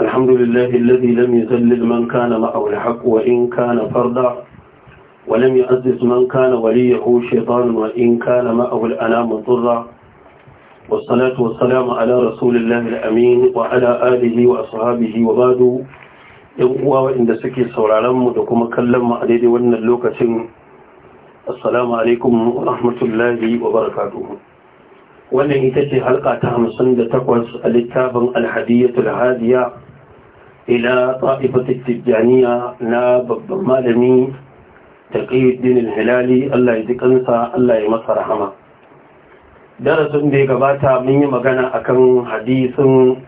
الحمد لله الذي لم يذلل من كان معه الحق وإن كان فردا ولم يعزز من كان وليه شيطان وإن كان معه الأنام ضرا والصلاة والسلام على رسول الله الأمين وعلى آله وأصحابه وبعد يقوى وإن سكي سورارم ودكما كلم عليه وإن اللوكة السلام عليكم ورحمة الله وبركاته وإن إتتي حلقة 58 للتابع الحدية الهادية ila طائفة tijaniya na babban malami taqiyuddin al-hilali Allah ya ji kansa Allah ya masa rahama darasin da ya gabata mun yi magana akan hadisin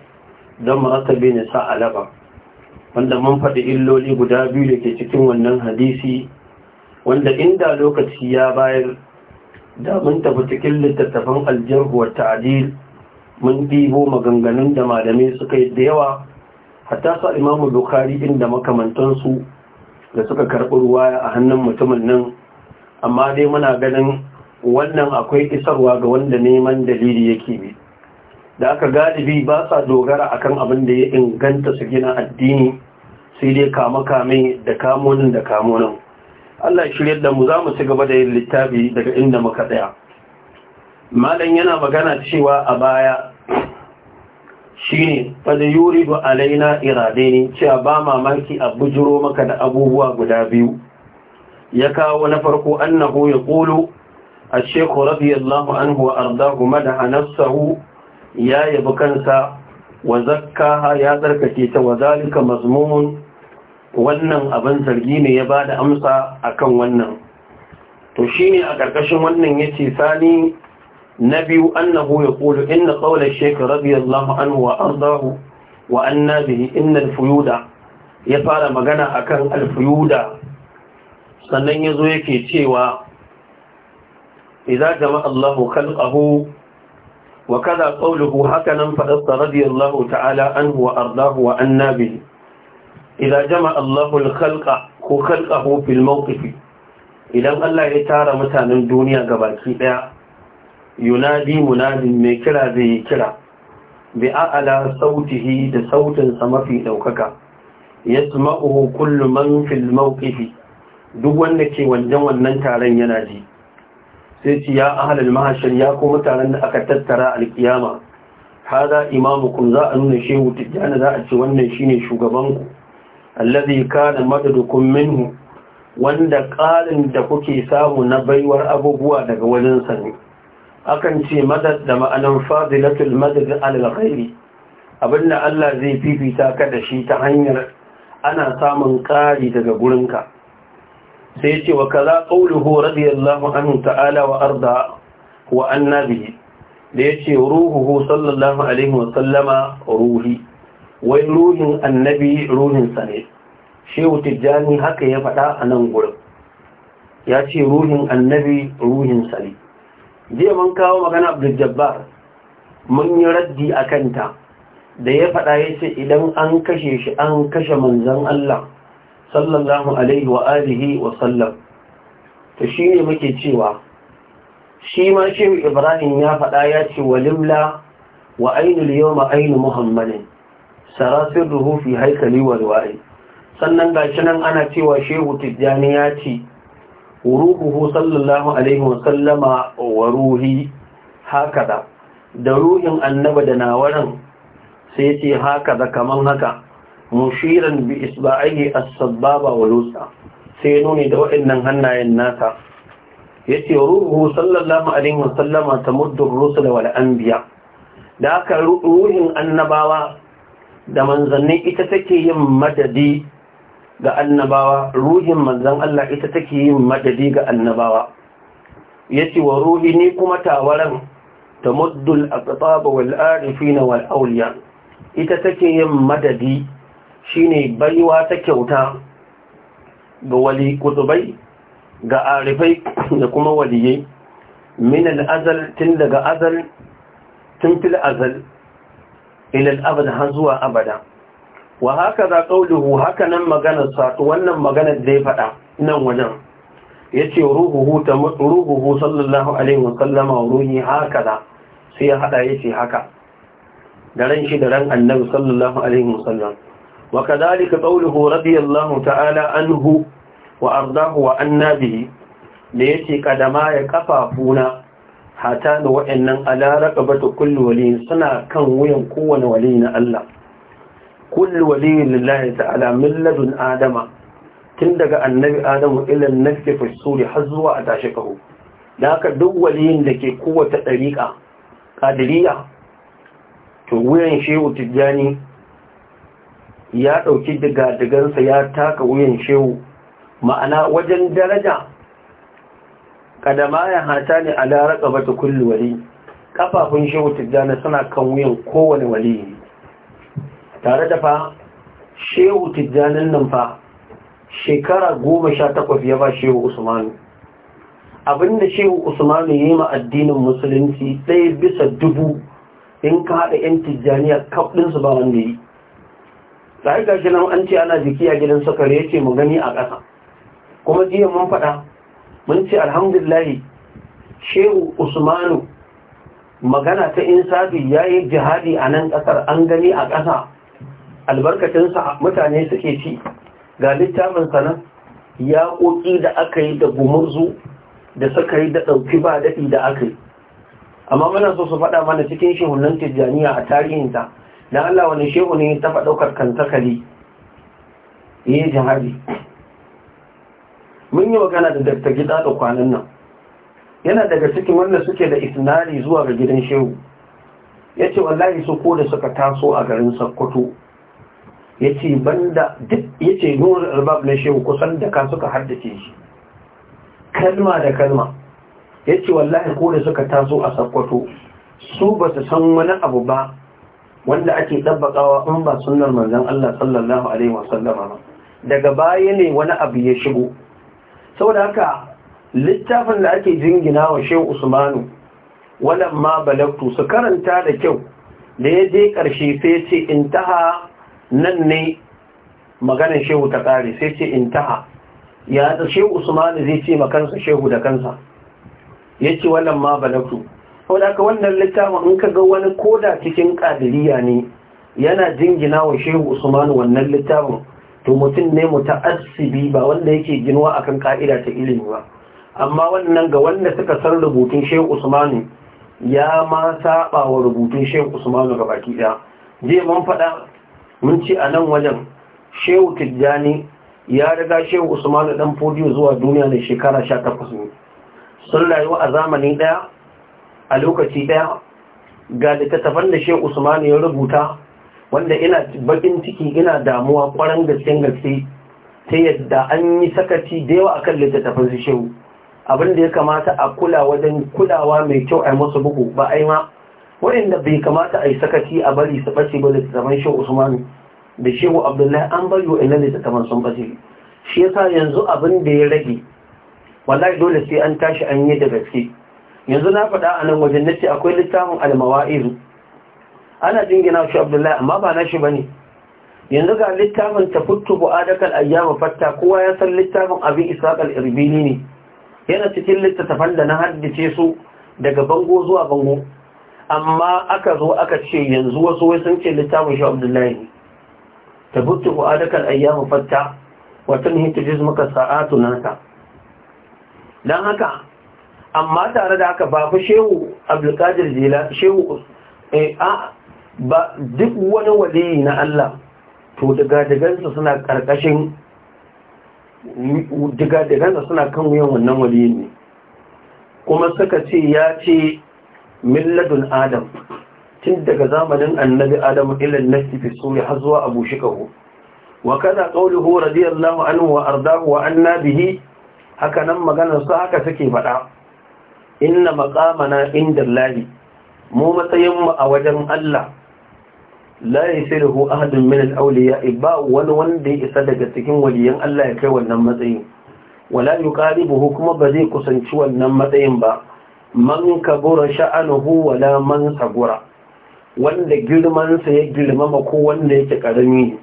wanda mun faɗi illoli guda biyu da ke cikin wannan hadisi wanda inda lokaci ya bayar da mun tafi cikin littattafan aljihar wa ta'dil mun ɗibo maganganun da malamai suka yi da yawa hatta su imamu bukari inda makamantansu da suka karɓi ruwa a hannun mutumin nan amma dai muna ganin wannan akwai isarwa ga wanda neman dalili yake bi da aka galibi ba sa dogara akan abin da ya inganta su gina addini sai dai kama kame da kamonin da kamonin Allah shirya da mu za mu ci gaba da yin littafi daga inda muka tsaya malam yana magana cewa a baya shine kada ba alaina iradaini cewa ba mamaki a bujiro maka da abubuwa guda biyu ya kawo na farko annahu ya yaqulu الشيخ رضي الله ya وأرضاه مدح wa يا ya وزكاها ta, wa وذلك مضمون wannan abin zargi ne ya bada amsa akan wannan to shine a karkashin wannan yace sani نبي أنه an إن قول الشيخ wa الله عنه وأرضاه inna به ya fara magana a kan الفيودة sannan ya zo yake cewa idza jama'allahu Allahu wa kaza qawluhu hakanan fadasta radiyallahu ta'ala anhu wa ardahu wa anna bihi idza jama'a ko khalqahu idan Allah ya tara mutanen duniya ga baki daya yunadi munadin mai kira zai yi kira bi a'ala sautihi da sautinsa mafi ɗaukaka ya sama'uhu kullum man fil duk wanda ke wajen wannan taron yana ji sai ci ya ahalal mahashar ya kuma taron da aka tattara alkiyama hada imamukum za a nuna shehu tijjana za a ce wannan shine shugabanku allazi kana madadukun minhu wanda ƙarin da kuke samu na baiwar abubuwa daga wajen ne. akan ce madad da ma'anar fadilatul madad al-ghairi abinda Allah zai fifita ka da shi ta hanyar ana samun ƙari daga gurinka sai ce wa kaza qauluhu radiyallahu anhu ta'ala wa arda wa annabi da yace ruhuhu sallallahu alaihi wa sallama ruhi wai ruhin annabi ruhin sa ne shehu tijjani haka ya faɗa a nan gurin ya ce ruhin annabi ruhin sa ne jiya mun kawo magana abdul mun yi raddi a kanta da ya faɗa ya ce idan an kashe shi an kashe manzan Allah sallallahu alaihi wa alihi wa sallam to shi ne muke cewa shi ma shehu ibrahim ya faɗa ya ce wa limla wa ainul yawma ainu muhammadin sarasir ruhu fi haikali wa ruwa'i sannan gashi nan ana cewa shehu tijjani ya ce ruhuhu sallallahu alaihi sallama wa ruhi hakada da ruhin annaba da nawaran sai ce hakada kaman haka mushiran bi isba'ihi as-sababa wa lusa sai nuni da waɗannan hannayen nasa yace ruhu sallallahu alaihi wasallama tamuddu ar-rusul wal anbiya da aka ruhin annabawa da manzanni ita take yin madadi ga annabawa ruhin manzan Allah ita take yin madadi ga annabawa yace wa ruhi ni kuma tawaran tamuddul aqtab wal arifin wal awliya ita take yin madadi shine baiwa ta kyauta ga wali kutubai ga arifai da kuma waliyai min al-azal tun daga azal tun fil azal ila al-abad har zuwa abada wa haka za ƙauluhu haka nan maganar sato wannan maganar zai faɗa nan wajen ya ce ruhuhu sallallahu alaihi wasallama ruhi haka da sai ya haɗa ya ce haka da ran shi da ran annabi sallallahu alaihi wasallam wa kadhalika qawluhu radiyallahu ta'ala anhu wa ardahu wa annabihi da ya ce kadama ya kafafuna hata da wa'annan ala raqabatu kulli wali suna kan wuyan kowane wali na Allah kullu waliyin lillahi ta'ala min ladun adama tun daga annabi adamu ilan nafke fasuri har zuwa a tashi kaho da haka duk waliyin da ke kowace ɗariƙa ƙadiriya to wuyan shehu tijjani ya ɗauki diga-digansa ya taka wuyan shehu ma'ana wajen daraja kadama ya hata ne a laraka bata kulli wali ƙafafun shehu tijjani suna kan wuyan kowane waliyi tare da fa shehu tijjanin nan fa shekara goma sha takwas ya ba shehu usmanu abinda shehu usmanu ya yi ma addinin musulunci ɗaya bisa dubu in ka haɗa 'yan tijjaniya kaɗinsu ba wanda yi sai ga nan an ce ana jiki a gidan sakare ya ce mu gani a ƙasa kuma jiya mun faɗa mun ce alhamdulilahi, shehu usmanu magana ta insafi ya yi jihadi a nan ƙasar an gani a ƙasa albarkacinsa mutane suke ci ga littafin nan ya ƙoƙi da aka yi da gumurzu da suka yi da ɗauki ba daɗi da aka yi amma muna so su faɗa mana cikin shehunan tijjaniya a tarihinta na Allah wani shehu ne ta faɗaukar kantakali ya jihari mun yi magana da dakta gida da kwanan nan yana daga cikin wanda suke da isnari zuwa ga gidan shehu ya ce wallahi su ko da suka taso a garin sakkwato yace banda duk yace albab na shehu kusan da ka suka haddace shi kalma da kalma yace wallahi ko da suka taso a sakkwato su ba su san wani abu ba wanda ake dabbakawa in ba sunnar manzon Allah sallallahu alaihi ba daga baya ne wani abu ya shigo saboda haka littafin da ake jingina wa shehu usmanu ma balagtu su karanta da kyau da ya je ƙarshe sai ce intaha nan ne maganin shehu ta ƙare sai ce intaha ya ta shehu usmanu zai ce ma kansa shehu da kansa ya ce wannan ma balagtu wadda ka wannan littafin in ka ga wani koda cikin ƙadiriya ne yana jingina wa shehu usmanu wannan littafin to mutum ne muta'assibi ba wanda yake ginuwa akan ka'ida ta ilimi ba amma wannan ga wanda suka san rubutun shehu usmanu ya ma saba wa rubutun shehu usmanu ga baki ɗaya je mun faɗa mun ce a nan wajen shehu tijjani ya riga shehu Usmanu dan fodiyo zuwa duniya da shekara 18 ne sun rayuwa a zamani daya a lokaci daya ga littattafan da shehu Usmanu ya rubuta wanda ina bakin ciki ina damuwa kwaran gaske gaske ta yadda an yi sakaci da yawa akan littattafan shehu abin da ya kamata a kula wajen kulawa mai kyau a masu bugu ba aima. waɗanda bai kamata a yi sakaci a bari su ɓace ba littattafan shi usman da shehu abdullahi an bari wa ina littattafan sun ɓace shi ya sa yanzu abin da ya rage wallahi dole sai an tashi an yi da gaske yanzu na faɗa a nan wajen nace akwai littafin almawa'izu ana jingina shi abdullahi amma ba na shi ba ne. yanzu ga littafin ta bu bu'adakal ayyama fatta kowa ya san littafin abin isaqal irbini ne yana cikin littattafan da na haddace su daga bango zuwa bango amma aka zo aka ce yanzu wasu wai sun ce littafin shi abdullahi ne tabuttu ku adakal ayyamu fatta watan hitijiz maka sa'atu naka dan haka amma tare da haka babu shehu abdulkadir jila shehu eh, a ba duk wani waliyi na Allah to digadigansa suna karkashin digadigansa suna kan wuyan wannan waliyin ne kuma suka ce ya ce milladun adam tun daga zamanin annabi adam ilan nasi fi suri har zuwa abu shikahu wa kaza qawluhu radiyallahu anhu wa ardahu wa anna bihi haka nan maganar su haka suke faɗa inna maqamana inda lahi mu matsayin mu a wajen Allah la yasiruhu ahadun min al-awliya ba wani wanda ya isa daga cikin waliyan Allah ya kai wannan matsayin wala yuqaribuhu kuma ba zai kusanci wannan matsayin ba man kabura sha'anuhu wala man sagura wanda girmansa ya girmama ko wanda yake karami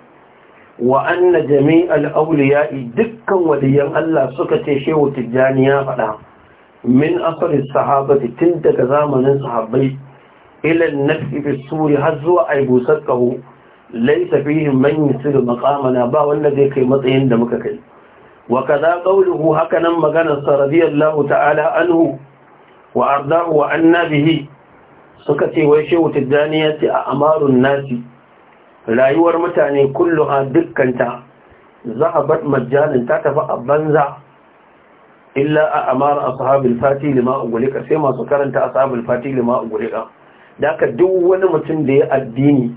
wa anna jami'al awliya'i dukkan waliyan Allah suka ce shehu tijjani ya faɗa min asalis sahabati tun daga zamanin sahabbai ila nafi fi suri har zuwa aibu busaqahu laysa fihi man yusiru maqamana ba wanda zai kai matsayin da muka kai wa kaza qawluhu nan maganar sa radiyallahu ta'ala anhu wa ardahu wa annabihi suka ce wai shehu tijjani ya ce a amarun nasi rayuwar mutane kullu a dukkanta zahabat majjalin ta tafi a banza illa a amara ashabul fati lima ugulika sai masu karanta ashabul fati lima ugulika da ka duk wani mutum da ya addini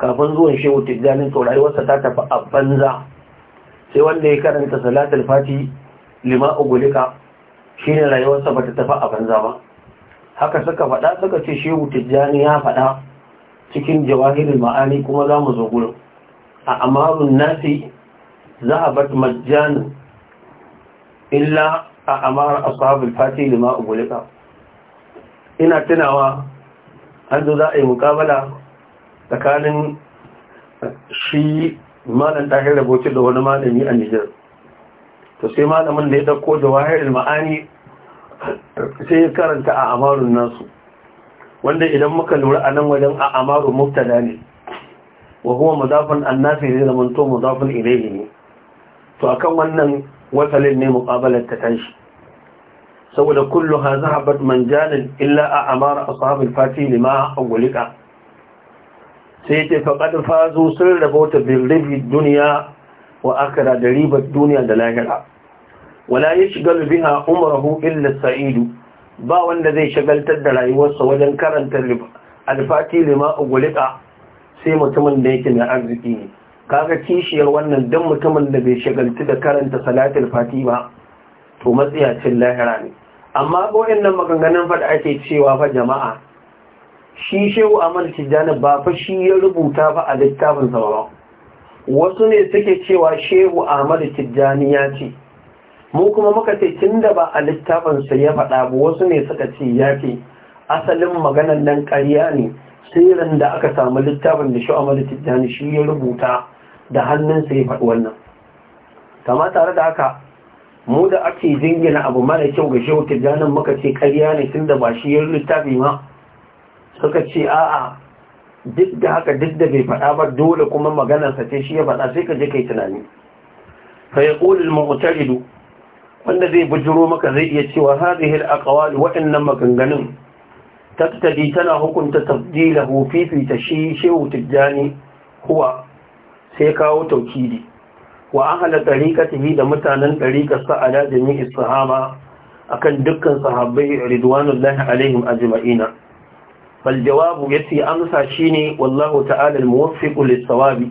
kafin zuwan shehu tijjanin to rayuwarsa ta tafi a banza sai wanda ya karanta salatul fati lima ugulika shi ne rayuwarsa ba ta tafi a banza ba haka suka faɗa suka ce shehu tijjani ya faɗa cikin jawahirin ma'ani kuma za mu zo gudun. a amarun nasi za a bat majjan illa a amara ashabul fati lima ugulika ina tunawa an zo za a yi mukabala tsakanin shi malam tahir rabocin da wani malami a nijar to sai malamin da ya dauko jawahirul ma'ani sai ya karanta a amarun nasu wanda idan muka lura a nan wajen a amaru mubtada ne wa huwa mudafun annafi zai zama to mudafun ne to akan wannan wasalin ne muqabalar ta tashi saboda kullu ha zahabat manjanin illa a amara ashabul fati lima awlika sai ce faqad fazu sun rabota bil ribi dunya wa akara da ribar duniya da lahira wala yashghalu biha umruhu illa Sa'idu. ba wanda zai shagaltar da rayuwarsa wajen karanta alfati lima ugulika sai mutumin da yake mai arziki ne kaga kishiyar wannan dan mutumin da bai shagaltu da karanta Salatin fati ba to matsiyacin lahira ne amma ga wayannan maganganun fada ake cewa fa jama'a shi shehu amal tijjani ba fa shi ya rubuta fa a littafinsa sa ba wasu ne suke cewa shehu Ahmadu Kijjani ya ce mu kuma muka ce tun da ba a littafin su ya faɗa ba wasu ne suka ce ya ce asalin maganan nan ƙarya ne sirrin da aka samu littafin da sha'amar tijjani shi ya rubuta da hannun ya faɗi wannan kama tare da haka mu da ake jingina abu mara kyau ga shehu tijjanin muka ce ƙarya ne tun da ba shi ya littafi ma suka ce a'a duk da haka duk da bai faɗa ba dole kuma maganarsa ce shi ya faɗa sai ka je kai tunani fa yaqulu al-mu'taridu wanda zai bujiro maka zai iya cewa hadhihi al-aqwal waɗannan maganganun tattadi tana hukunta tabdilahu fifita shi shehu tijjani huwa sai kawo taukidi wa ahla tariqatihi da mutanen tariqar sa ala jami'i sahaba akan dukkan sahabbai ridwanullahi alaihim ajma'ina fal jawabu yace amsa shine wallahu ta'ala al-muwaffiqu lis-sawabi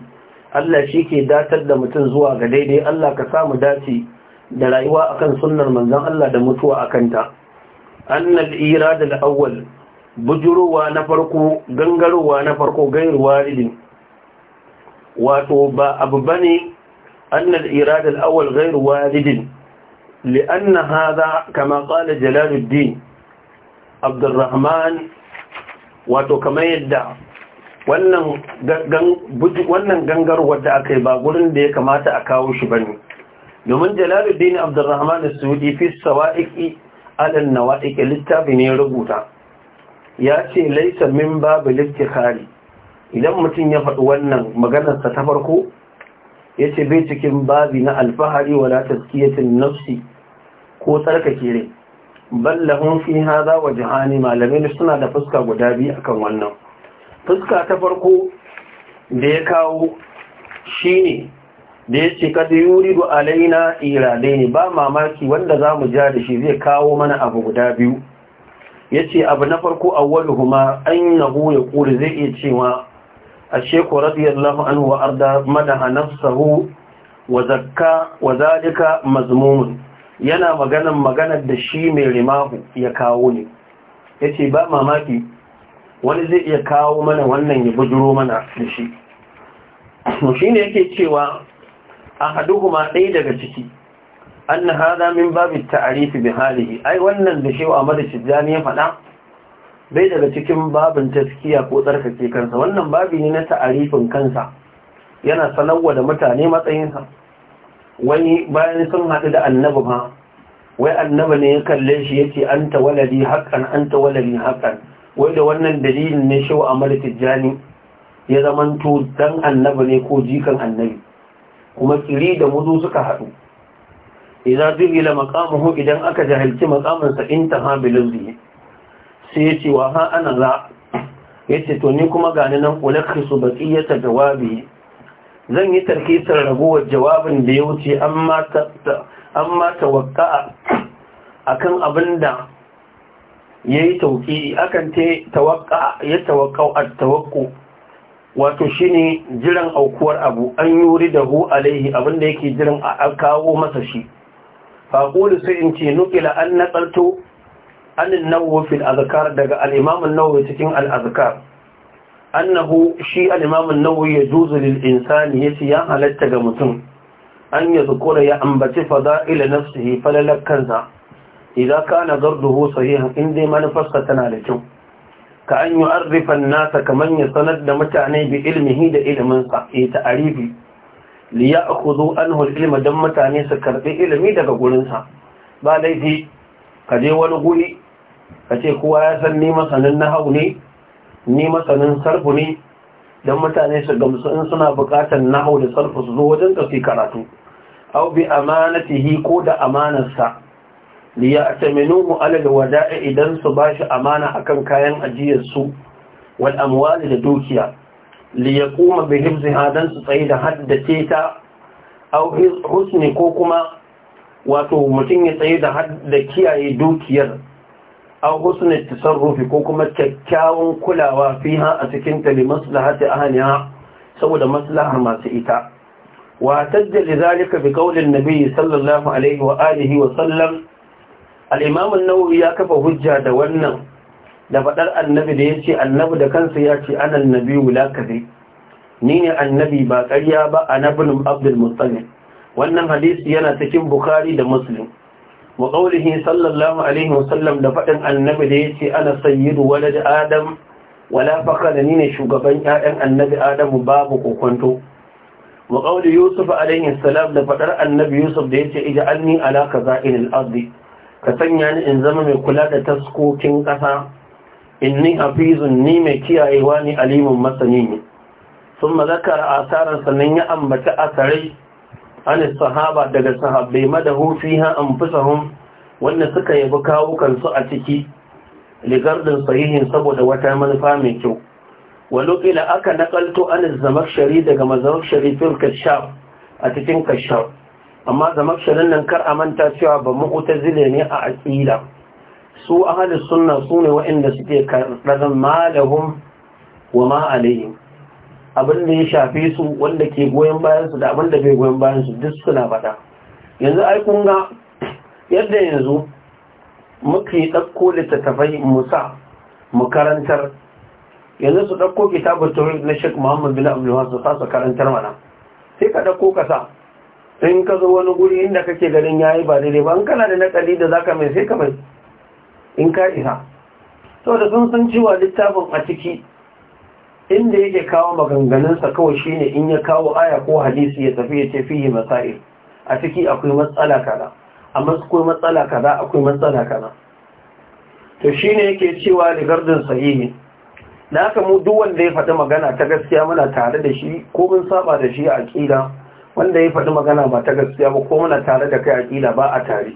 Allah shi ke datar da mutum zuwa ga daidai Allah ka samu dace da rayuwa akan sunnar manzon Allah da mutuwa akan ta annal irad al-awwal bujurowa na farko gangarowa na farko gairuwa walidin, wato ba abu bane annal irad al-awwal gairuwa ilin لأن هذا كما قال جلال الدين عبد الرحمن وكما يدعى wannan gangarwar da aka yi ba gurin da ya kamata a kawo shi ba ne domin jalaluddin abdurrahman as-sudi fi sawa'iqi alal nawa'iq littafi ne rubuta ya ce laisa min babu liftikhari idan mutum ya faɗi wannan maganarsa ta farko ya ce bai cikin babi na alfahari wala taskiyatin nafsi ko tsarkake rai ballahun fi haza wa jihani malamai suna da fuska guda biyu akan wannan fuska ta farko da ya kawo shine da ya ce kada yuri da alaina iradai ne ba mamaki wanda za mu ja da shi zai kawo mana abu guda biyu ya ce abu na farko awwalu huma an ya kuri zai iya cewa a sheku radiyallahu anhu wa arda madaha nafsahu wa wa zalika mazmumin yana maganan maganar da shi mai rimahu ya kawo ne ya ce ba mamaki wani zai iya kawo mana wannan ya bujuro mana da shi shi ne yake cewa A ma ɗaya daga ciki an hada min babu ta'arifi bi halihi ai wannan da shi wa amada ya faɗa bai daga cikin babin taskiya ko tsarkake kansa wannan babi ne na ta'arifin kansa yana sanarwa da mutane matsayinsa wani bayan sun haɗu da annabi ma wai annaba ne ya kalle shi yace anta waladi an anta waladi haqqan wai da wannan dalilin ne shi wa amada ya zamanto dan annabi ne ko jikan annabi kuma kiri da muzu suka haɗu idan zuhila maqamuhu idan aka jahilci maqamansa intaha bilazzi sai yace wa ha ana za ce, to ni kuma gani nan ya ta jawabi zan yi tarkisar ragowar jawabin da ya wuce amma ta amma tawakka akan abinda yayi tauki akan te tawakka ya tawakkau at wato shine jiran aukuwar abu an yuri da hu alaihi abinda yake jiran a kawo masa shi faƙoli sai in ce nukila an naƙalto anin nawo fil daga al'imamin nawo cikin al'azkar annahu shi al'imamin nawo ya juzu lil insani ya ce ya halatta ga mutum an ya zukura ya ambaci fada'ila nafsihi falalar kansa idan nazar zarduhu sahihan in dai manufarsa tana da kyau ka an yi arrifan nasa kamar ya sanar da mutane bi ilmihi da iliminsa ya ta'arifi liya a kuzo an ilma don mutane su karɓi ilimi daga gurinsa ba laifi ka je wani guri ka ce kowa ya san ni masanin hau ne ni masanin sarfu ne don mutane su gamsu in suna buƙatar nahau da sarfu su zo wajen ka karatu au bi amanatihi ko da amanarsa liya'taminuhu ala alwada'i idan su bashi amana akan kayan ajiyar su wal amwali da dukiya kuma bi hifziha dan su tsayi da haddace ta aw husni ko kuma wato mutum ya tsayi da hadda kiyaye dukiyar aw husni tasarrufi ko kuma kyakkyawan kulawa fiha a cikin ta li maslahati ahliha saboda maslahar masu ita واعتد لذلك بقول النبي صلى الله عليه wa وسلم al'imamun nawawi ya kafa hujja da wannan da faɗar annabi da ya ce annabi da kansa ya ce an annabi wula kaze ni ne annabi ba ƙarya ba a nabinin abdul musulmi wannan hadisi yana cikin bukhari da muslim wa sallallahu alaihi wasallam da faɗin annabi da ya ce ana sayyidu walad adam wala da ni ne shugaban ƴaƴan annabi adamu babu kokonto wa qawli yusuf alaihi salam da faɗar annabi yusuf da ya ce ij'alni ala kaza'il al-ardi ka sanya ni in zama mai kula da taskokin ƙasa inni hafizun ni mai kiyayewa ne alimun masani ne sun mazakar asarar sannan ya ambaci asarai an sahaba daga sahabbai madahu fi anfusahum wanda suka yabi kansu a ciki ligardin sahihin saboda wata manufa mai kyau waluƙila aka naƙalto an shari daga mazamakshari sharifin kashaf a cikin kashaf amma da maksharin nan kar a manta cewa ba mu zile ne a aƙila su suna su sune waɗanda suke karɓar malahum wa ma alaihim abin da ya shafe su wanda ke goyon bayansu da abin da bai goyon bayansu, duk suna faɗa yanzu ai kun ga yadda yanzu muka yi ɗauko littattafai musa mu karantar yanzu su ɗakko kitabar tauhid na Sheikh Muhammad bin abu Wahab su karantar mana sai ka ɗakko ka sa in ka zo wani guri inda kake garin yayi ba daidai ba in kana da nakali da zaka mai sai ka mai in ka isa da sun san cewa littafin a ciki inda yake kawo maganganunsa kawai shine in ya kawo aya ko hadisi ya tafi ya ce fihi masail a ciki akwai matsala kaza amma akwai matsala kaza akwai matsala kaza to shine yake cewa gardin sahihi da haka mu duk wanda ya faɗi magana ta gaskiya muna tare da shi ko mun saba da shi a aqida wanda ya faɗi magana ba ta gaskiya ba ko muna tare da kai aƙila ba a tare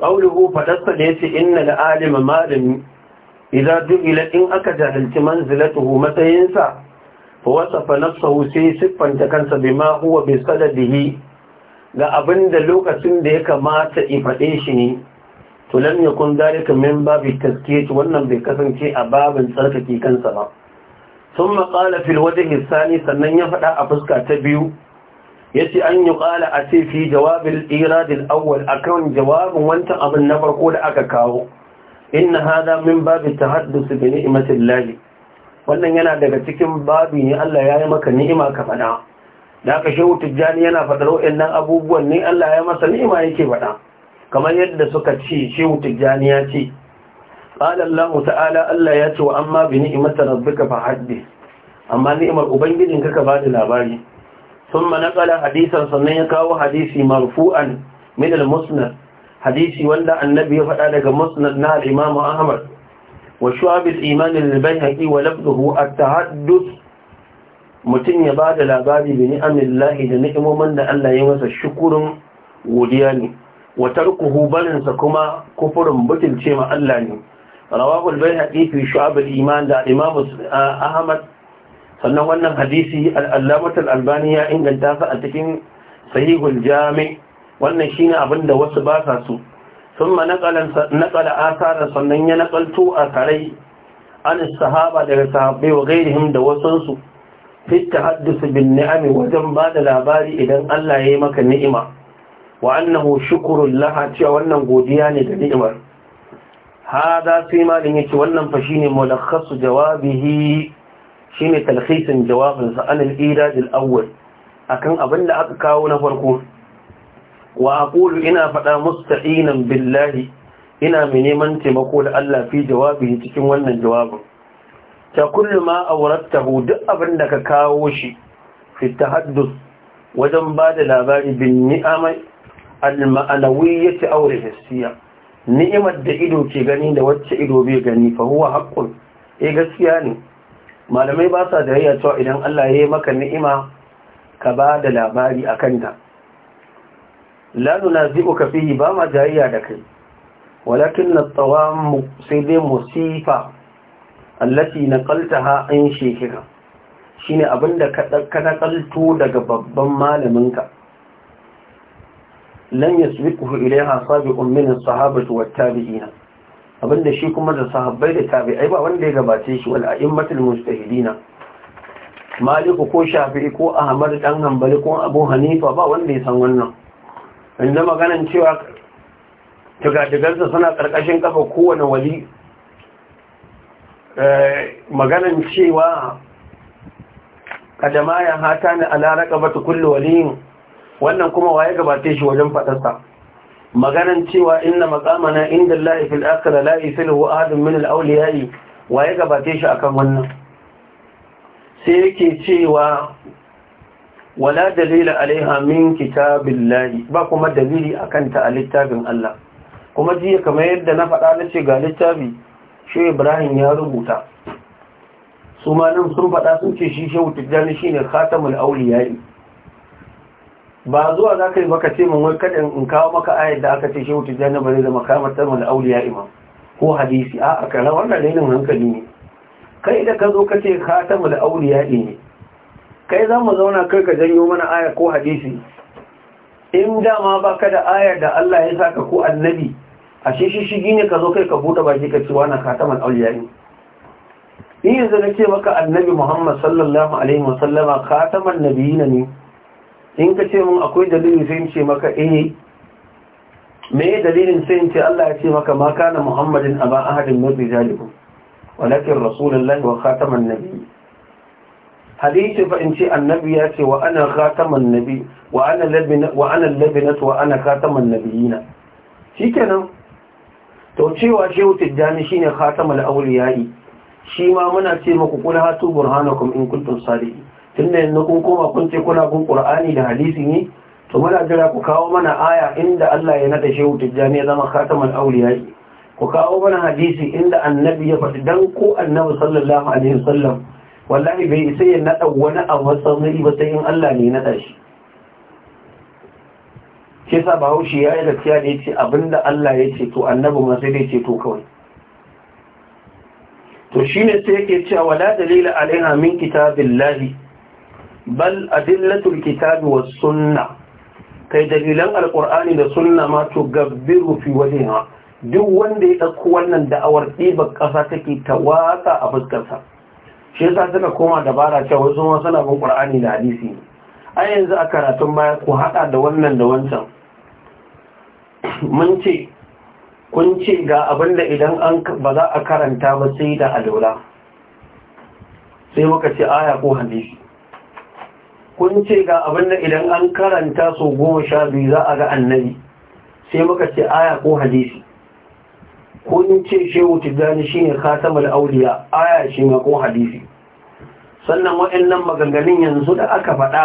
ƙauluhu faɗarsa da ya ce inna na alima malami idan dubila in aka jahilci manzilatuhu matsayinsa fa wasafa nafsahu sai siffanta kansa ma huwa bi sadadihi ga abin da lokacin da ya kamata in faɗe shi ne to lam yakun dalika min babi tazkiyati wannan bai kasance a babin tsarkake kansa ba ثم قال في الوجه الثاني sannan ya faɗa a fuska ta biyu yace an yi kala a ce fi jawabin irad al-awwal akan jawabin wancan abin na farko da aka kawo inna hada min babi tahadduth bi ni'matillah wannan yana daga cikin babi ne Allah ya yi maka ni'ima ka fada da aka shehu tijjani yana fadar wa'annan abubuwan ne Allah ya masa ni'ima yake fada kamar yadda suka ce shehu tijjani ya ce qala Allah ta'ala Allah ya ce wa amma bi ni'mati rabbika amma ni'imar ubangijinka ka bada labari ثم نقل hadisan sannan ya kawo hadisi marfu'an min al-musnad hadisi wanda annabi ya faɗa daga musnad na al ahmad wa shu'ab al-iman al-bayhaqi wa lafdhu at-tahaddus mutun ya da labari bi ni'amillahi da ni'imomin da Allah ya masa shukurin godiya ne wa tarkuhu barin sa kuma kufurin butulce ma Allah ne rawahu al-bayhaqi fi shu'ab da imam ahmad sannan wannan hadisi al'allamatul albani ya inganta su a cikin sahihul jami wannan shine abin da wasu ba sa su sun ma naƙala asara sannan ya naƙalto a karai an sahaba daga sahabbai wa gairihim da wasansu fitta haddasa bin ni'ami wajen ba da labari idan Allah ya yi maka ni'ima wa annahu shukurun laha cewa wannan godiya ne da ni'imar Ha hada sai malin yake wannan fa ne mulakhasu jawabihi shine talhisin jawabin sa an al-irad al akan abin da aka kawo na farko wa Akulu ina faɗa musta'inan billahi ina mai neman taimako da Allah fi jawabi cikin wannan jawabin ta kullu ma awrattahu duk abin da ka kawo shi fita tahaddus wajen ba da labari bin ni'amai al ya ci aure hissiyya ni'imar da ido ke gani da wacce ido bai gani fa huwa E, eh gaskiya ne malamai ba sa da cewa idan Allah ya yi maka ni'ima ka ba da labari a kanta lanu na ziko ka fi ba ma jayayya da kai walakin na tsawon sai dai musifa allafi na kalta ha'in shekira shi ne abinda ka nakalto daga babban malaminka lan ya ilaiha biku ilai hasabi ummin sahabatu wa tabi'ina abinda shi kuma da sahabbai da tabi'ai ba wanda ya gabace shi wal a'immatul mustahidina maliku ko shafi'i ko ahmad dan hanbali ko abu hanifa ba wanda ya san wannan inda maganan cewa tagadigarsa suna karkashin kafa kowane wali eh, maganan cewa kadama ya hata ni ala raqabati kulli waliyin wannan kuma waye gabace shi wajen fadarsa maganan cewa inna maqamana inda Allah fil akhirah la yafilu ahadun min al awliya ya gabate shi akan wannan sai yake cewa wala dalila alaiha min kitabillahi ba kuma dalili akan ta a littafin Allah kuma jiya kamar yadda na faɗa na ce ga littafi shi Ibrahim ya rubuta su ma nan sun faɗa sun ce shi shehu tijjani shine khatamul awliya ba zuwa za ka yi maka ce mun wai kaɗin in kawo maka ayar da aka ce shehu tijjani ba zai zama kamar tarmar ya imam ko hadisi a a kana wannan rainin hankali ne kai da ka zo ka ce khatamul ya ne kai za mu zauna kai ka janyo mana ayar ko hadisi in dama ba ka da ayar da Allah ya saka ko annabi a shi shi shigi ne ka zo kai ka buɗe baki ka ce wannan khatamul auliya ne in yanzu na ce maka annabi Muhammad sallallahu alaihi wasallama khataman nabiyina ne in ka ce mun akwai dalilin sai ce maka eh me dalilin sai ce Allah ya ce maka ma kana Muhammadin aba ahadin min rijalikum walakin rasulullahi wa khataman nabi hadisi fa in ce annabi ya ce wa ana khataman nabi wa ana labina wa ana labinat wa ana khataman nabiyina shikenan to cewa shehu tijjani shine khatamul awliya'i shi ma muna ce muku kul hatu burhanakum in kuntum salihin tunda yanzu kun koma kun ce kuna kun qur'ani da hadisi ne to muna jira ku kawo mana aya inda Allah ya nada shehu tijjani ya zama khatamal awliya ku kawo mana hadisi inda annabi ya faɗi dan ko annabi sallallahu alaihi wasallam wallahi bai isa ya nada wani a matsayi ba sai in Allah ne ya nada shi shi sa bahaushe ya yi gaskiya da ya ce abinda Allah ya ce to annabi ma sai dai ce to kawai to shine sai yake cewa wala dalila alaiha min kitabillahi bal adillatul kitabi was sunna kai dalilan alqur'ani da sunna ma to gabbiru fi wajhiha duk wanda ya dauko wannan da'awar diba kasa take ta watsa a fuskarsa shi yasa suka koma dabara cewa wasu ma suna bin qur'ani da hadisi a yanzu a karatun baya ku hada da wannan da wancan mun ce kun ce ga abin da idan an ba za a karanta ba sai da alwala sai muka ce aya ko hadisi kun ce ga abinda idan an karanta su goma sha biyu za a ga annabi sai muka ce aya ko hadisi kun ce shehu tijjani shine khatamul auliya aya shi ma ko hadisi sannan waɗannan maganganun yanzu da aka faɗa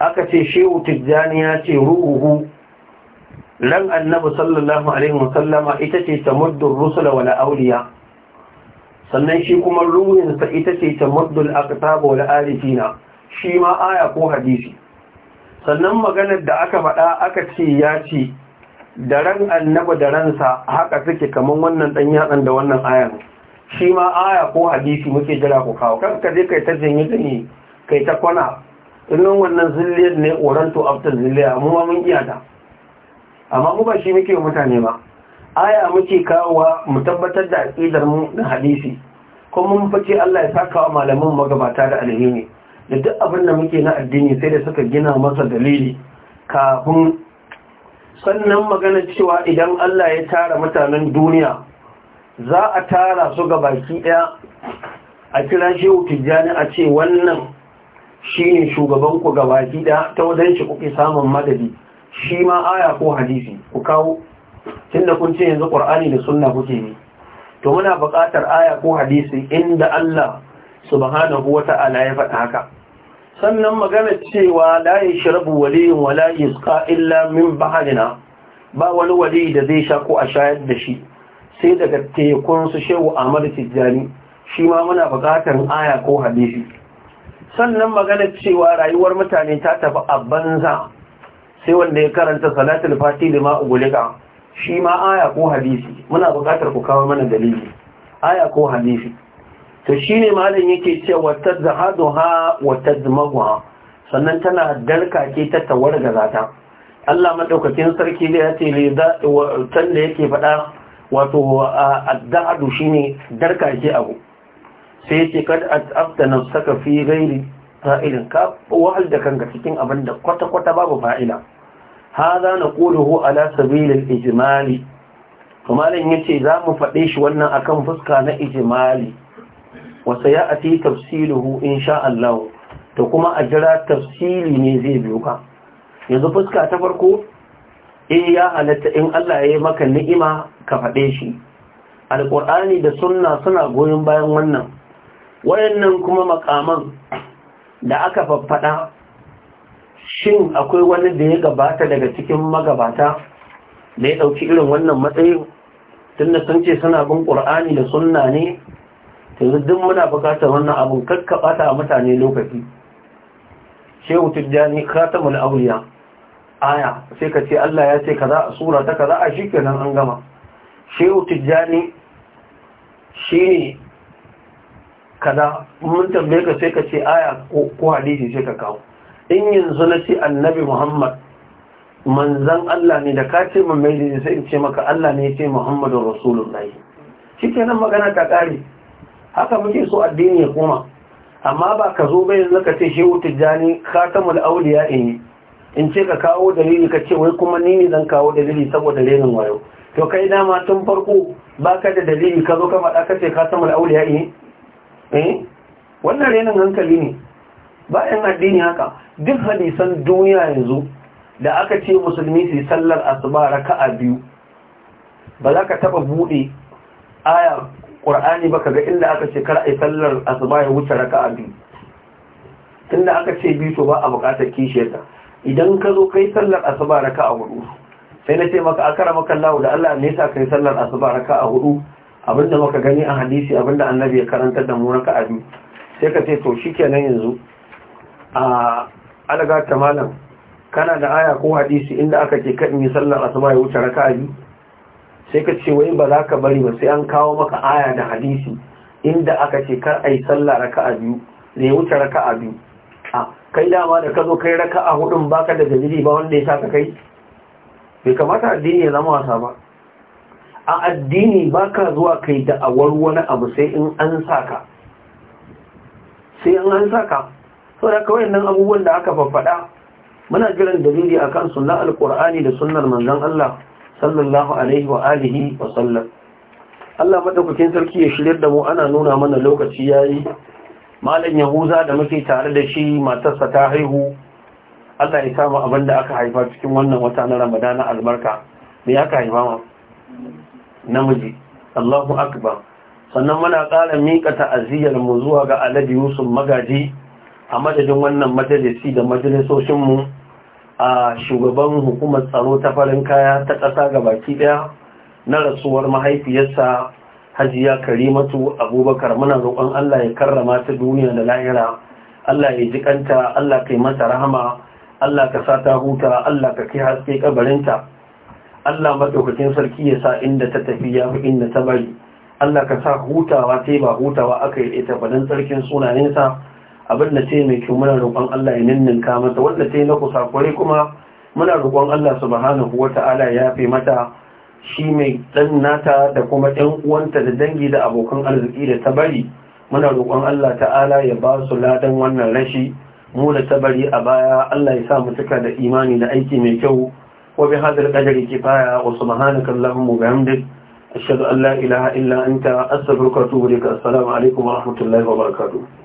aka ce shehu tijjani ya ce ruhu ran annabi sallallahu alaihi wasallama ita ce tamuddur rusula wala auliya sannan shi kuma ruhinsa ita ce tamuddul aqtab wala alifina. shi ma aya ko hadisi sannan maganar da aka faɗa aka ce ya ce da ran annaba da ransa haka suke kamar wannan ɗan yatsan da wannan ayan shi ma aya ko hadisi muke jira ku kawo kan ka je kai ta janye gani kai ta kwana irin wannan zilliyar ne oranto after zilliya mu ma mun iya ta amma mu ba shi muke mutane ba aya muke kawowa mu tabbatar da aƙidar mu da hadisi kuma mun fice Allah ya saka wa malaman magabata da alheri da duk abin da muke na addini sai da suka gina masa dalili kafin sannan magana cewa idan Allah ya tara mutanen duniya za a tara su ga baki ɗaya a kira shehu tijjani a ce wannan shi ne shugabanku ga baki ɗaya ta wajen shi kuke samun madadi shi ma aya ko hadisi ku kawo tun da kun ce yanzu ƙwar'ani da sunna kuke ne to muna buƙatar aya ko hadisi inda Allah subhanahu wa ta'ala ya faɗa haka sannan magana cewa la yashrabu waliyin wala yusqa illa min bahrina ba wani wali da zai sha ko a shayar da shi sai daga tekun su shehu Ahmad Tijjani shi ma muna buƙatar aya ko hadisi sannan magana cewa rayuwar mutane ta tafi a banza sai wanda ya karanta salatul fati da ma'ugulika shi ma aya ko hadisi muna buƙatar ku kawo mana dalili aya ko hadisi to shine malam yake cewa ha wata tazmaha sannan tana dalkake ta tawargaza ta Allah madaukakin sarki da yace li da tan da yake faɗa wato shi ne darkake abu sai yace kad afta nafsaka fi ghairi fa'ilin ka wahal da kanka cikin abin da kwata kwata babu fa'ila hada naquluhu ala sabilil ijmali to ya yace za mu fade shi wannan akan fuska na ijimali wasa ya a ti tafsiruhu in sha Allah ta kuma a jira tafsiri ne zai biyu ka yanzu fuska ta farko in eh, ya halatta in Allah ya yi maka ni'ima ka faɗe shi alƙur'ani da sunna suna goyon bayan wannan wayannan kuma makaman da aka faffaɗa shin akwai wani da ya gabata daga cikin magabata da ya ɗauki irin wannan matsayin tunda sun ce suna bin ƙur'ani da sunna ne yanzu duk muna bukatar wannan abun kakkaɓa ta mutane lokaci shehu tijjani khatamul awliya aya sai ka ce Allah ya ce kaza a sura ta kaza a shikenan an gama shehu tijjani shine kaza mun tambaye ka sai ka ce aya ko hadisi sai ka kawo in yanzu na ce annabi Muhammad manzan Allah ne da ka ce mai sai in ce maka Allah ne ya ce Muhammadu Rasulullahi shikenan magana ta kare haka muke so addini ya koma amma ba ka zo bai zaka ce shehu tijjani khatamul auliya in in ce ka kawo dalili ka ce wai kuma ni ne zan kawo dalili saboda renin wayo to kai dama tun farko baka da dalili ka zo ka faɗa ka ce khatamul auliya in eh wannan renin hankali ne bayan addini haka duk hadisan duniya yanzu da aka ce musulmi su sallar asuba raka'a biyu ba za ka taɓa buɗe aya ƙur'ani ba ga inda aka ce kar a yi sallar asuba ya wuce raka a biyu inda aka ce biyu to ba a buƙatar kishiyarta idan ka zo kai sallar asuba raka a hudu sai na ce maka a kara maka lawo da Allah ne sa kai sallar asuba raka a hudu abinda maka gani a hadisi abinda annabi ya karanta da mu raka a biyu sai ka ce to shi kenan yanzu a alaga ta malam kana da aya ko hadisi inda aka ce kan yi sallar asuba ya wuce raka a biyu sai ka ce wai ba za ka bari ba sai an kawo maka aya da hadisi inda aka ce kar a yi sallah raka a biyu da ya wuce raka a biyu a kai dama da ka zo kai raka a hudun baka da dalili ba wanda ya sa ka kai bai kamata addini ya zama wasa ba a addini ba ka zuwa kai da awar wani abu sai in an sa ka. sai in an ka? sau da kawai nan abubuwan da aka faffaɗa muna jiran dalili akan sunan alkur'ani da sunan manzon Allah sallallahu alaihi wa alihi wa sallam Allah madaukakin sarki ya shirye da mu ana nuna mana lokaci yayi malam yahuza da muke tare da shi matarsa ta haihu Allah ya samu abin da aka haifa cikin wannan wata na Ramadana albarka me aka haifa ma namiji Allahu akbar sannan muna ƙara mika ta'aziyyar mu zuwa ga Alhaji Yusuf Magaji a madadin wannan majalisi da majalisoshin mu a shugaban hukumar tsaro ta farin kaya ta ƙasa ga baki ɗaya na rasuwar mahaifiyarsa hajiya karimatu abubakar muna roƙon allah ya karrama ta duniya da lahira allah ya ji kanta allah ka mata rahama allah ka sa ta huta allah ka kai haske kabarinta allah maɗaukakin sarki ya sa inda ta tafi ya fi inda ta bari allah ka sa hutawa sai ba hutawa aka yi ita ba tsarkin sunayensa abin da ce mai kyau muna roƙon Allah ya ninninka mata wanda ce na kusa kware kuma muna roƙon Allah subhanahu wata'ala ya fi mata shi mai dan nata da kuma ɗan uwanta da dangi da abokan arziki da ta bari muna roƙon Allah ta'ala ya ba su ladan wannan rashi mu da tabari a baya Allah ya sa mu cika da imani da aiki mai kyau wa bi hadal qadari kifaya wa subhanaka allahumma wa bihamdik ashhadu an la ilaha illa anta astaghfiruka wa atubu ilaik assalamu alaikum wa rahmatullahi wa barakatuh